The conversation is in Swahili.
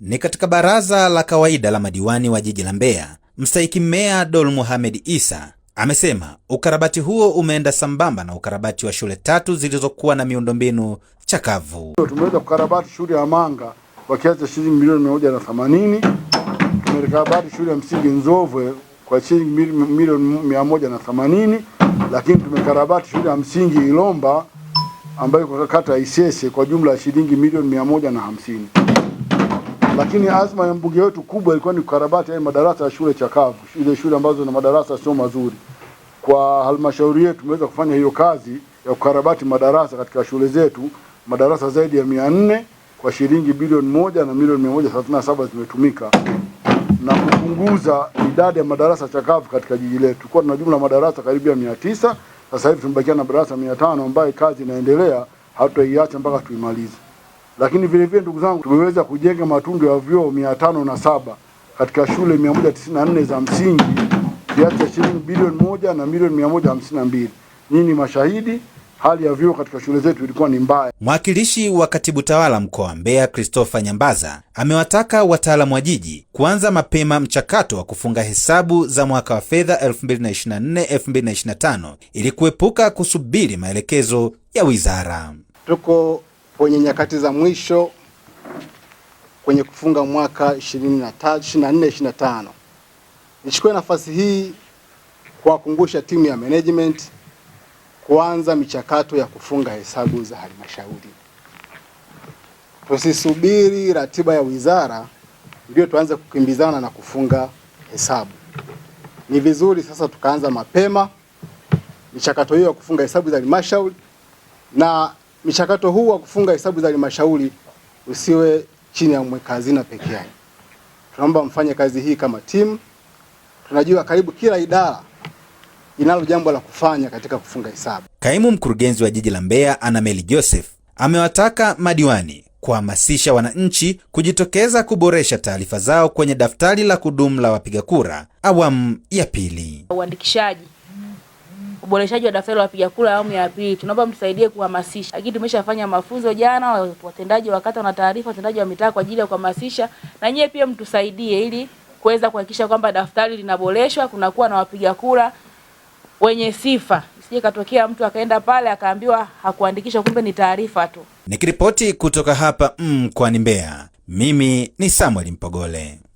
Ni katika baraza la kawaida la madiwani wa jiji la Mbeya, mstahiki meya Dol Mohamed Isa amesema ukarabati huo umeenda sambamba na ukarabati wa shule tatu zilizokuwa na miundombinu chakavu. Tumeweza kukarabati shule ya Manga kwa kiasi cha shilingi milioni mia moja na themanini. Tumekarabati shule ya msingi Nzovwe kwa shilingi milioni mia moja na themanini, lakini tumekarabati shule ya msingi Ilomba ambayo iko kata ya Isese kwa jumla ya shilingi milioni mia moja na hamsini lakini azma ya mbunge wetu kubwa ilikuwa ni kukarabati haya madarasa ya shule chakavu, ile shule ambazo na madarasa sio mazuri. Kwa halmashauri yetu tumeweza kufanya hiyo kazi ya kukarabati madarasa katika shule zetu, madarasa zaidi ya mia nne kwa shilingi bilioni moja na milioni mia moja thelathini na saba zimetumika na kupunguza idadi ya madarasa chakavu katika jiji letu. Tulikuwa tuna jumla madarasa karibu ya mia tisa, sasa hivi tumebakia na madarasa mia tano ambayo kazi inaendelea, hatutaiacha mpaka tuimalize. Lakini vile vile, ndugu zangu, tumeweza kujenga matundu ya vyoo mia tano na saba katika shule 194 za msingi kiasi cha shilingi bilioni moja na milioni mia moja hamsini na mbili. Nyinyi mashahidi hali ya vyoo katika shule zetu ilikuwa ni mbaya. Mwakilishi wa katibu tawala mkoa wa Mbeya, Christopher Nyambaza, amewataka wataalamu wa jiji kuanza mapema mchakato wa kufunga hesabu za mwaka wa fedha 2024/2025 ili kuepuka kusubiri maelekezo ya wizara. Tuko kwenye nyakati za mwisho kwenye kufunga mwaka 24 25. Nichukue nafasi hii kuwakumbusha timu ya management kuanza michakato ya kufunga hesabu za halmashauri. Tusisubiri ratiba ya wizara ndio tuanze kukimbizana na kufunga hesabu. Ni vizuri sasa tukaanza mapema michakato hiyo ya kufunga hesabu za halmashauri na mchakato huu wa kufunga hesabu za halmashauri usiwe chini ya mweka hazina peke yake. Tunaomba mfanye kazi hii kama timu. Tunajua karibu kila idara inalo jambo la kufanya katika kufunga hesabu. Kaimu mkurugenzi wa jiji la Mbeya, Anameli Joseph, amewataka madiwani kuhamasisha wananchi kujitokeza kuboresha taarifa zao kwenye daftari la kudumu la wapiga kura awamu ya pili. Uandikishaji uboreshaji wa daftari la wapiga kura awamu ya pili. Tunaomba mtusaidie kuhamasisha, lakini tumeshafanya mafunzo jana, watendaji wa kata na taarifa, watendaji wa mitaa kwa ajili ya kuhamasisha, na nyie pia mtusaidie ili kuweza kuhakikisha kwamba daftari linaboreshwa, kunakuwa na wapiga kura wenye sifa, Sije katokea mtu akaenda pale akaambiwa hakuandikishwa, kumbe ni taarifa tu. Nikiripoti kutoka hapa mkoani mm, Mbeya, mimi ni Samuel Mpogole.